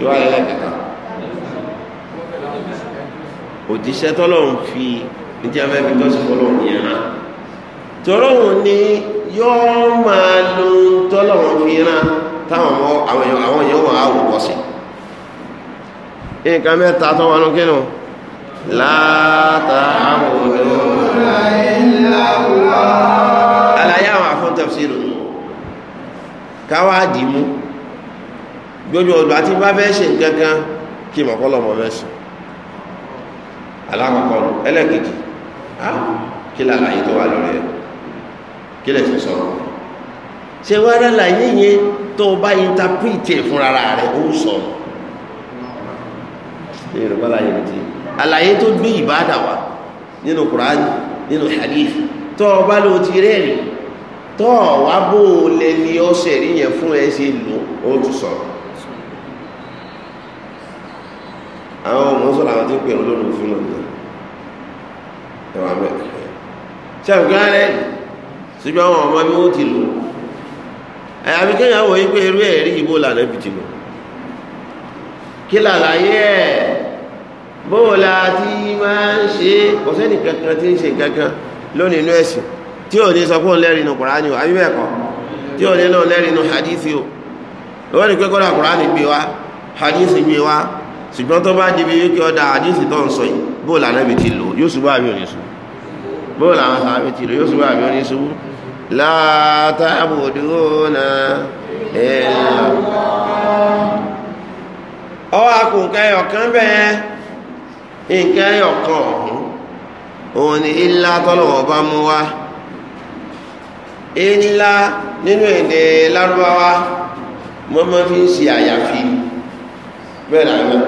B: yóò wáyé
A: lẹ́kẹ̀ẹ́ta
B: níjẹ́ fẹ́ fi tọ́sí fọlọ́ yẹn hàn tọ́lọ́hún ni yóò máa lo tọ́lọ́hún fi hàn táwọn ọmọ àwọn èèyàn wà á wò pọ̀ sí nǹkan mẹ́ta tó wọn kínú látàwọn àlàyé àwọn àfọ́ntẹ́fsì rò káwáàdì mú gbogbo ọ̀dọ̀ àti bá fẹ́ ṣe nǹkan kan kí mọ̀kọ́lọ́mọ̀ fẹ́ ṣe alákọ̀ọ́kọ́ ẹlẹ́kejì á kí làlàyé tó wà lórí ẹ̀ kí lẹ̀ sì sọ̀rọ̀ ṣe wá lálàyé yẹn tó o bá interpret ẹ̀ fúnra rẹ̀ ó sọ̀rọ̀ ní yorùbá láyé mi ti àlàyé tó gbé ìbáàdà wa nínú Qur'an nínú hadith tó o bá lò ti rẹ̀ rí tó o wá bó o lẹ ní ọ̀sẹ̀ rí yẹn fún ẹ ṣe lò ó tún sọ̀rọ̀ àwọn ọmọ sọ̀rọ̀ àwọn tí ń pè ọ́ lórí òfin náà ẹwà bẹ ṣe àgbà rẹ síbi àwọn ọmọ bí wọn ti lò ẹ àbí kéèyàn wọ yín pé irú ẹ rí ìbò lànà ibi ti lò kí làlàyé ẹ bóòlà tí máa ń ṣe kò sẹ́ni kankan tí ń ṣe kankan lónìí inú ẹ̀sìn tí ò ní sọ fún lẹ́rìí inú Kùránì o àbí bẹ́ẹ̀ kọ́ tí ò ní lọ lẹ́rìí hadithi o lọ́wọ́ ni pé kọ́ra Kùránì gbé wa hadithi gbé wa ṣùgbọ́n tó bá di bí wípé ọ̀dà hadithi tó ń sọ yìí bóòlù anábì ti lò yóò ṣubú àbí òní ṣubú bóòlù àwọn sàábì ti lò yóò ṣubú àbí òní ṣubú látàbùdúnà ẹ̀là ọwọ́ akù nǹkan ẹyọ̀kan bẹ́ẹ̀ nǹkan ẹyọ̀kan ọ̀hún òun ni ilá tọ́lọ̀wọ̀ bá mú wá ilá nínú èdè lárúbáwá mọ́mọ́ fi ń ṣe àyàfi bẹ́ẹ̀ làwọn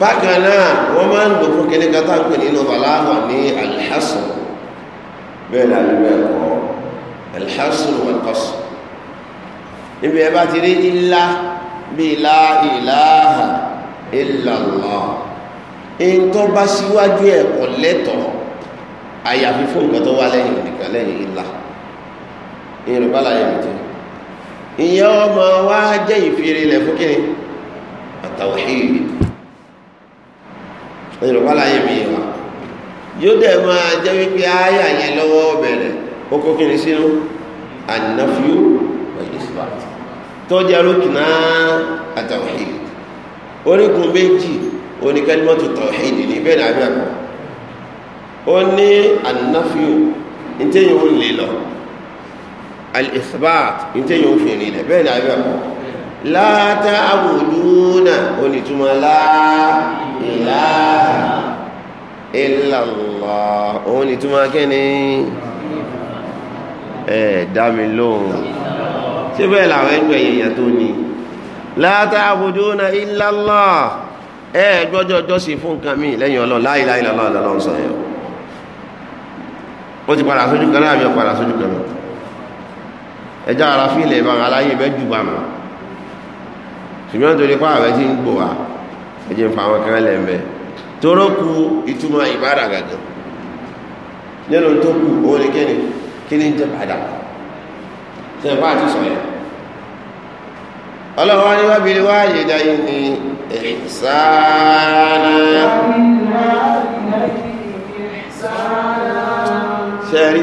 B: bákan náà wọ́n máa ń lò fún kíní kátà ń pè ní nọ̀bàláwà ní alhassan bẹ́ẹ̀ ni àlùbẹ́ ẹ̀kọ́ alhassan walqasr níbi ẹ bá ti rí ilá bí la ilaha illallah èyí tó bá síwájú ẹ̀kọ́ lẹ́tọ̀ọ́ àyàfi fún nǹkan tó wá lẹ́yìn nìkan lẹ́yìn ilá ìrìn bá láyé mi jẹ́ ìyẹn ọmọ wa jẹ́ ìfìrìlẹ̀ fún kíni àtàwọ̀ hìrì ìrọ̀pá láyé mi wà yóò dẹ̀ máa jẹ́ wípé ááyà yẹn lọ́wọ́ bẹ̀rẹ̀ ó kó kí ni sínú ànáfíú ìsìbàt tó jẹ́ rúkìnà àtàwọ̀hìd orígun méjì oníkẹ́límọ́tò tàwọ̀hìd ní bẹ́ẹ̀ náà bẹ́ẹ̀ kọ́ ó ní ànáfíú ntẹ́yìn ó lè lọ àlìsìbàt ntẹ́yìn ó fi rìn lẹ̀ bẹ́ẹ̀ náà bẹ́ẹ̀ kọ́ láta àbùdúnà onítùmọ̀ láìlá ìlàlọ́ onítùmọ̀ kẹ́ni ẹ̀ dámi lóhun tí bẹ́ẹ̀ làwọn ẹgbẹ́ èèyàn tó ní láta àbùdúnà ìlàlọ́ ẹ̀ gbọ́jọ́ jọ́sìn fún nǹkan mi lẹ́yìn ọlọ́run láìlá ìlàlọ́ ìlàlọ́ sọ yẹn ó ti padà sójú kan náà àbí ó padà sójú kan náà ẹjọ́ ara ṣùgbọ́n torí pa àwẹ̀ tí ń gbò wá ẹjẹ́ ń fa àwọn kan lẹ̀ mẹ́ toró ìtumọ̀ ìbára gàgàn nínú tó ku òun kíni kíni jẹ́ padà sẹ́yìn pa àti sọ̀yẹ́ ọlọ́run wá ní wábi wá yé dáyé ní ìsáná sẹ́rí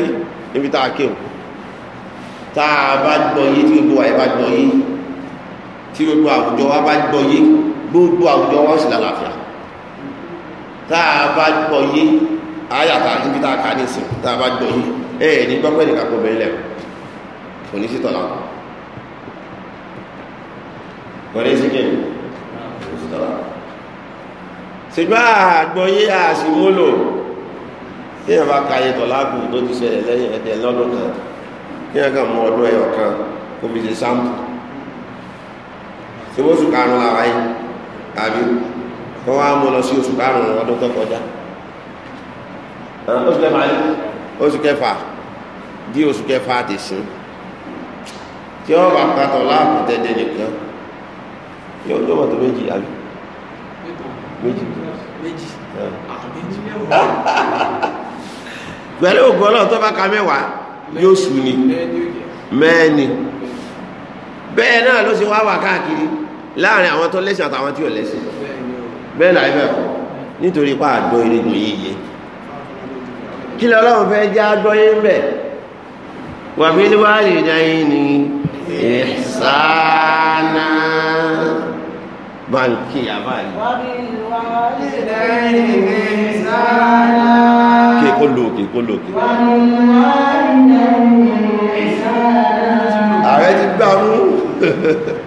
B: ibi tá a kéwò tá bá gbọ́ yé tí gbogbo wa gbọ́ yé tí gbogbo àwùjọ wa bá gbọ́ yé gbogbo àwùjọ wa ó sì lálàáfíà tá a bá gbọ́ yé ayàtà níbi tá a kà nísìn tá a bá gbọ́ yé ẹ ẹ ní gbọ́pẹ́ nìkan kó bẹ́ẹ̀ lẹ̀ kò ní sí tọ̀lá kò ní sí kéwì kò sí tọ̀lá ṣùgbọ́n àgbọ̀yé àṣìmúlò tí yẹn bá kàyé tọ̀lá gùn tó ti ṣẹlẹ̀ lẹ́yìn ẹ̀dẹ̀ lọ́dún kan kí yẹn kàn mú ọdún ẹyọ kan kó fi ṣe sáǹpù ṣe wọ́n oṣù karùn-ún làwa yìí àbí wọ́n wá mú lọ sí oṣù karùn-ún ọdún tó kọjá oṣù kẹfà oṣù kẹfà di oṣù kẹfà ti sìn tí wọ́n bá katọ̀ láàbù tẹ́tẹ́ nìkan yóò lọ́wọ́ tó méjì àbí méjì méjì pẹ̀lú ògùn ọlọ́run tó bá ka mẹ́wàá yóò sùn ni mẹ́ẹ̀ni bẹ́ẹ̀ náà ló ṣe wá wà káàkiri láàrin àwọn tó lẹ́sìn àtàwọn tí ò lẹ́sìn bẹ́ẹ̀ náà ibẹ̀ kọ́ nítorí pa àdó irigun yìí yé kí lọ́lọ́run fẹ́ jẹ́ àdó yé ń bẹ̀ wà bí ní wàá lè jẹ́ yín ní ìsáná báńkì àbáyé. wà bí ní wàá lè jẹ́ yín ní ìsáná. kéko lóòkè kó lóòkè. wà ní wàá lè jẹ́ yín
A: ní ìsáná. ààrẹ
B: ti gbà mú.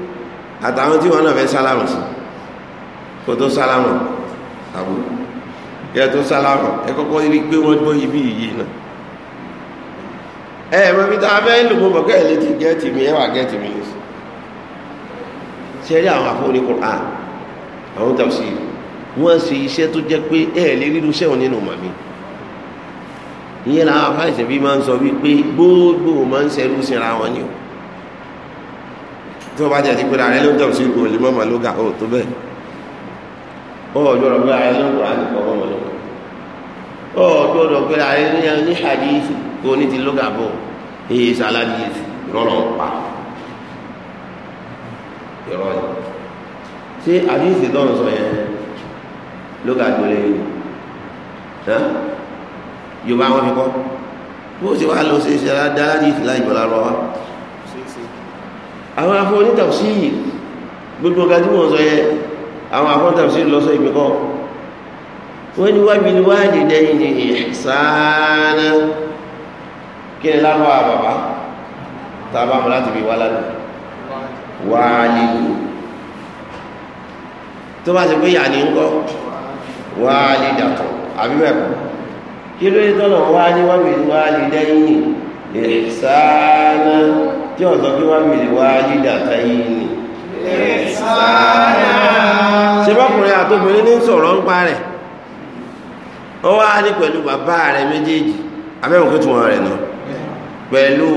B: àtàwọn tí wọ́n náà fẹ́ sálámù sí kò tó sálámù àbú yẹ tó sálámù ẹ kọ́kọ́ rí pé wọ́n gbọ́ ibi yìí náà ẹ mọ̀ bí tá a fẹ́ lò mọ́ bọ̀ kẹ́ ẹ̀ létí gẹ́ẹ̀tì mi ẹ wà gẹ́ẹ̀tì mi lè sọ ṣe rí àwọn afọ́ oníkùn à àwọn tàbí wọ́n ṣe iṣẹ́ tó jẹ́ pé ẹ̀ lè rírú sẹ́wọ̀n nínú màmí ìyẹn làwọn afáìsẹ̀ bí máa ń sọ wípé gbogbo máa ń ṣerú síra wọn ni o tó bá jẹ́ ti pé ààrẹ ló ń tọ̀sí ìlú òlè mọ́mọ́ ló ga ó tó bẹ́ẹ̀ ó gbọ́dọ̀ pé ààrẹ ló ń kọ́ àti kọ́ mọ́mọ́ ló ga ó gbọ́dọ̀ pé ààrẹ ní hadiisi kó ní ti ló ga bọ̀ èyí sàládì rọrọ̀ pa ìrọ̀ yìí ṣé hadiisi tó ń sọ yẹn ló ga gbọ́lé yìí yorùbá wọn fi kọ́ bó ṣe wá lọ ṣe ṣe dáadáa ní ìsìláì bọ̀lá rọ wa àwọn afọ onítàfsírì gbogbo ọ̀gá tí wọ́n sọ yẹ àwọn afọ onítàfsírì lọ sọ ìgbẹ́kọ̀ wọ́n ní wábi ni wáyé dẹ́dẹ́ yìí ní ìsáná kí ni lánà wà bàbá tá a bá mọ láti fi wá lánà wáyé tó bá ti pé yà ní ńkọ́ wáyé dàtọ̀ àbí bẹ́ẹ̀ kọ́ kí ló yẹ tọ́lọ̀ wáyé wábi ni wáyé dẹ́yìn ìsáná tí ọ̀sọ́ kí wọ́n mìíràn wá yídà táyé ni. ṣé bọ́kùnrin àtòbìnrin ní sọ̀rọ̀ ń pa rẹ̀ ó wá ní pẹ̀lú bàbá rẹ̀ méjèèjì abẹ́wọ̀n kó tún wọn rẹ̀ náà pẹ̀lú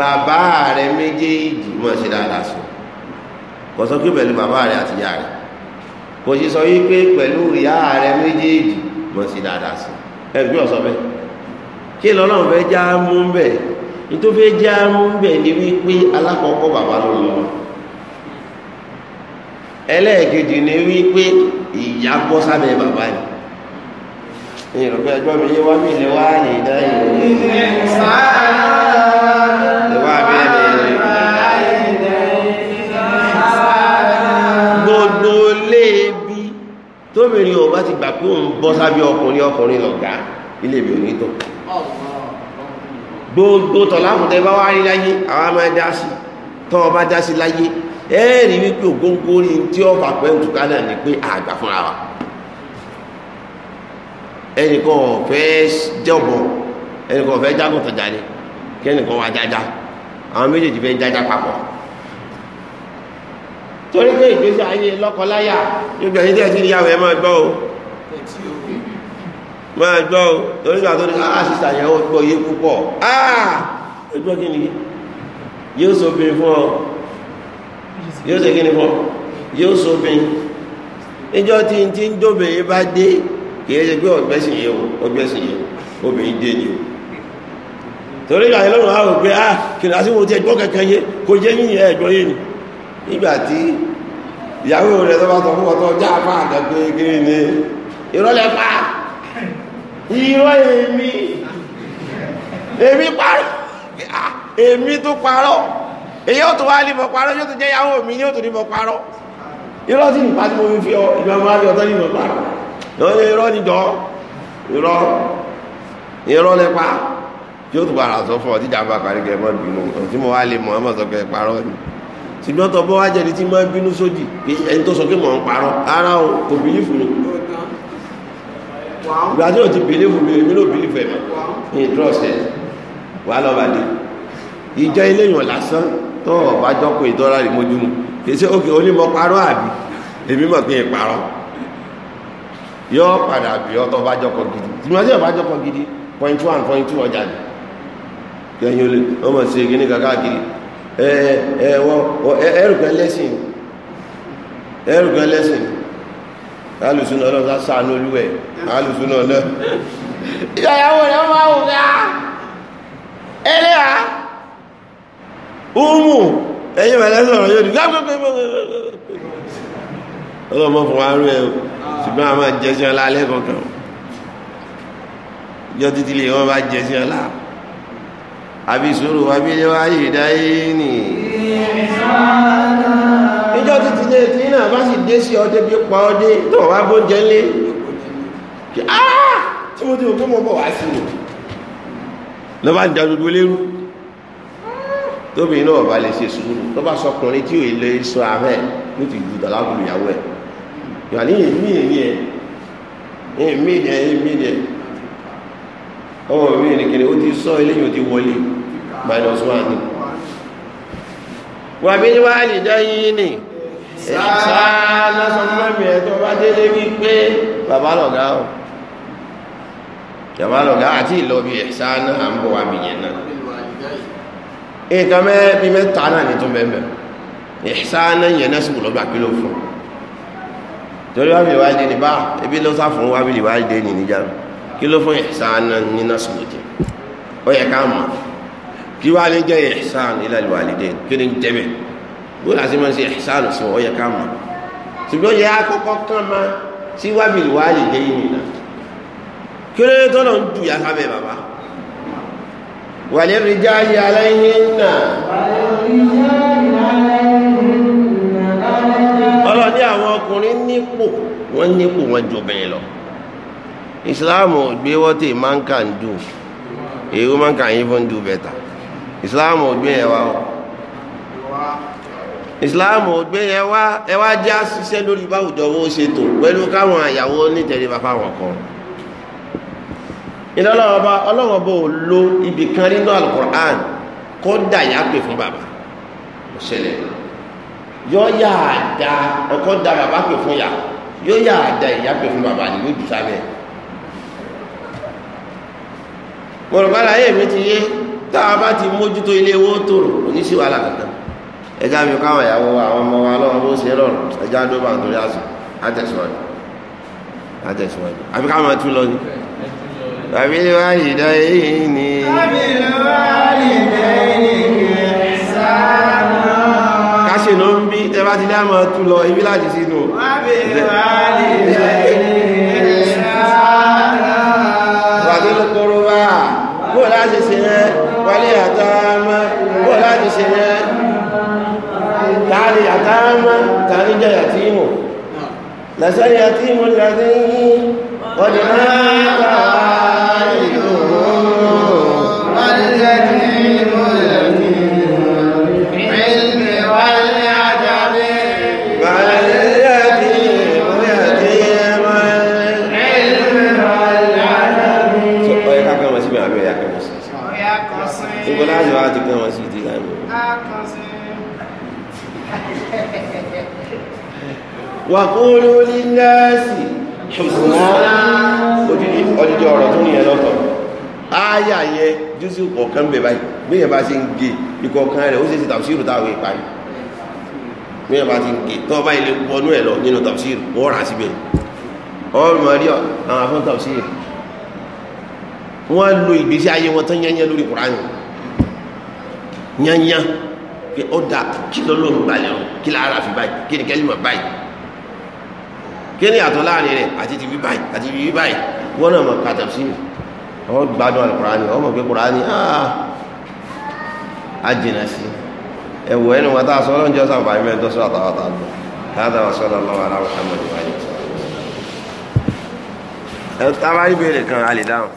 B: bàbá rẹ̀ méjèèjì mọ̀ ṣe dáadáa sọ kò sọ pé pẹ̀lú bàbá rẹ̀ àti ìyá rẹ̀ kò sì sọ wípé pẹ̀lú ìyá rẹ̀ méjèèjì mọ̀ ṣe dáadáa sọ ẹgbẹ́ ọ̀sọ́ bẹ́ẹ̀ kí lọ́lọ́run fẹ́ já mú bẹ́ẹ̀ ìtòfẹ́ jẹ́ àrùn bẹ̀ ni wípé alákọ̀ọ́kọ́ bàbá ló lọ ẹlẹ́ẹ̀kejì ni wípé ìyá bọ́ sábẹ́ bàbá yìí ìrọ̀pẹ́ ẹjọ́ mi yé wá mi lè wá lè dá gbogbo léèbí tóbìnrin ò ti gbà pé òun bọ́ sábẹ́ ọkùnrin ọkùnrin lọ̀gá ilé ìbí ò gbogbo tọ̀láàmùtẹ́ bá wá rí láyé àwọn a máa dásí tọ́ ọba dásí láyé ẹ́ẹ̀rí wípé ògóngó ní tí ó fà pẹ́ ntùká náà ni pé àgbà fúnra wa ẹnìkan ọ̀fẹ́ jọ̀bọ̀ ẹnìkan ọ̀fẹ́ jágùn tọ̀jà ni kí ẹnìkan wá jájá àwọn méjèèjì fẹ́ jájá papọ̀ torí pé ìgbésí ayé lọ́kọláya yóò gbẹ̀yìn tí ẹ ti rí àwọn ẹ máa gbọ́ o máa gbọ́ o onígbà tó ní ah sísà yẹn ó gbọ́ yé púpọ̀ ah ẹgbọ́ kí ni yóò so fún ọ yóò so fún ọ yóò so obìnrin tí n ti ń dóbìnrin bá dé kìí ṣe pé ọgbẹ́sìn yìí o ọgbẹ́sìn yìí o obìnrin dé ni o torí ìgbà yẹn lọ́rùn àwọn òpin ah kìnnì àti mo ti ẹgbọ́ kankan yé kò jẹ́ yín ẹ ẹgbọ́ yé ni nígbà tí ìyàwó rẹ̀ tó bá sọ fún ọ tó já fáàgà ni ìrọ̀lẹ́ fáà irọ́ èmi èmi parọ́ ah, èmi tó parọ́ èyí ó tó wá ní mọ̀ parọ́ yóò tó jẹ́ ìyàwó mi ní ó tó ní mọ̀ parọ́ irọ́ tí nípa tí mo fi fi ìgbà máa fi ọ̀tọ́ ní mọ̀ parọ́ lọ́yẹ irọ́ níjọ́ irọ́ irọ́ lẹ́pa yóò tó bára sọ fún ọ tí jàmbá parí kẹ mọ́ bínú tí mo wá lè mọ̀ ọmọ sọ pé parọ́ ni ṣùgbọ́n tọ́ bọ́ wá jẹ́ni tí mo bínú sódì ẹni tó sọ pé mò ń parọ́ ara o kò bìlífù ni gbàdúrà ti bìlífù mi èmi ló bìlífù ẹ̀ ní ìdúrọ̀sẹ̀ wà lọ́ba dé ìjọ eléyàn lásán tó ọba jọ́kọ̀ ìdọ́ra rẹ̀ mójúmu kèsì òkè onímọ̀ parọ́ àbí èmi mọ̀ pé ìparọ́ yọ padà bí ọtọ́ bá jọ́kọ̀ gidi ìmọ̀sí ọba jọ́kọ̀ gidi point one point two ọjà ni kẹyìn olè ọmọ sí igi ní kàkàkiri ẹ ẹ wọ ẹrù kan lẹ́sìn ẹrù lẹ́sìn alùsùn náà lọ́sà sàánú olúwẹ̀ ah. alùsùn náà náà ìyàwó rẹ̀ máa wò ní àá ah, ẹlẹ́ àá ọmọ ẹ̀yìn mẹ́lẹ́sọ̀rọ̀ yóò dì gbágbẹ́gbẹ́gbẹ́gbẹ́ ọlọ́mọ fún wa rú ẹ ṣùgbọ́n a máa jẹ́ sí ọlá alẹ́ kankan jọ títí lè wọ́n bá jẹ́ sí ọlá àbí ìṣòro àbí ilé wáyé ìdáyé nìyí ìjọ títí ní ètí náà bá sì dé sí ọdẹ bí pa ọdẹ tó wá bóúnjẹ lé ah! tí mo ti rò pé mo bọ̀ wá sí o ló bá ń da gbogbo lérú tóbi iná ọba lè ṣe sùúrù tó bá sọkùnrin tí ò lè sọ ahẹ́ ló ti ju dàlágùlù ìyàwó ẹ̀ yà ní èmi èmi ẹ̀ èmi ẹ̀ èmi ẹ̀ ọmọ mi ní kiri ó ti sọ eléyìí ó ti wọlé minus one wàbí wàá lè dá yín ni ẹ̀sán lásán mẹ́mí ẹ̀ tó bá délé wípé bàbá lọ̀gá o bàbá lọ̀gá àti ìlọ́bí ẹ̀sán náà ń bọ̀ wá bìyẹn náà nǹkan mẹ́ bí mẹ́ta náà ní tún bẹ́ẹ̀ ìsáná yẹn náà sùgbọ́n lọ́gbà kí ló fún torí wábìlì wáyé dé ní bá ebi ló sá fún wábìlì wáyé ní níjà kí ló fún ìsáná ní náà sùgbọ́n jẹ ó yẹ ká mọ̀ kí wá ní jẹ́ ìsáná ilẹ̀ ìwàlídé kí ni jẹ́ bẹ́ẹ̀ bó la ṣe máa ṣe ìṣàlù sí ọ̀yẹ ká mọ̀ ṣùgbọ́n yẹ akọ́kọ́ kán máa sí wábìlì wá lè dé yìí nìyà kí ló tó lọ ń dù yá sábẹ́ bàbá wà lè rí já yí aláìhín náà ọlọ́ni àwọn ọkùnrin nípò wọ́n nípò wọ́n ju obìnrin lọ ìsìláàmù gbé wọ́tẹ̀ máa ń kà ń dù èyí ó máa ń kà yín fún ń dù bẹ̀tà ìsìláàmù gbé ẹ̀ wá ọ́ ìsìláàmù ọgbẹ́ yẹn wá ẹ wá já ṣiṣẹ́ lórí báwùjọ owó ṣe tò pẹ̀lú káwọn àyàwó nítẹríba fáwọn kan ilé ọlọ́wọ́n bá ọlọ́wọ́n bó lo ibì kan nínú alukur'an kó dà yá pè fún bàbá kò ṣẹlẹ̀ yọ yà á da ọkọ da bàbá pè fún yà yọ yà á da ìyá pè fún bàbá ni yóò jù sábẹ́ la yé mi ti yé tá a bá ti mójútó ilé owó tòrò oníṣẹ́ wàhálà kankan ẹjá mi káwọn ìyàwó àwọn ọmọ wa lọ́wọ́ bó ṣe rọrùn ẹjá ló bá ń torí àṣù àtẹ̀síwájú àtẹ̀síwájú àbí káwọn tún lọ ní. àbí ni wàá èyí ni. àbí ni wàá èyí ni sáà káṣe ló ń bí ẹ bá ti dá máa tún lọ ibi láti sínú. àbí ni wàá èyí ni. اليتامى تاني جا يتيم ليس اليتيم الذي قد مات والده kúrò ní nẹ́ẹ̀sì ọdíjọ ọ̀rọ̀ tó nìyẹn lọ́tọ̀ ááyà yẹ júsù kọ̀ọ̀kan bẹ̀ báyìí gbéyàn bá ṣe ń gé ikọ̀ kan rẹ̀ ó sì ṣe tàbísírù táwọn ìparí gbéyàn bá ti ń gé tó ọba ilé wọnú ẹ̀ lọ nínú tàbísírù wọ́n rà síbẹ̀ ọmọ rí àwọn afọ́n tàbísírù wọ́n lo ìgbésí ayé wọn tán yányán lórí kùránì yányán pé ó dà kí lọ́lọ́run balẹ̀ kí lára fi báyìí kí ni kẹ́lí mọ̀ báyìí kí ni àtọ̀ láàrin rẹ̀ àti ti bí báyìí àti bí báyìí wọ́n náà mọ̀ kàtà sí mi àwọn gbádùn alukurani wọ́n mọ̀ pé kurani ah, á jìnà sí ẹ̀wọ̀ ẹnu wọn tá a sọ ọlọ́njọ́ sàǹfààní mẹ́rin tó sọ àtàwọn àtàwọn láti àwọn sọ́dọ̀ lọ́wọ́ aláwọ̀ sàmọ̀ ìwáyé ẹ̀ tábàárí béèrè kan a lè dáhùn.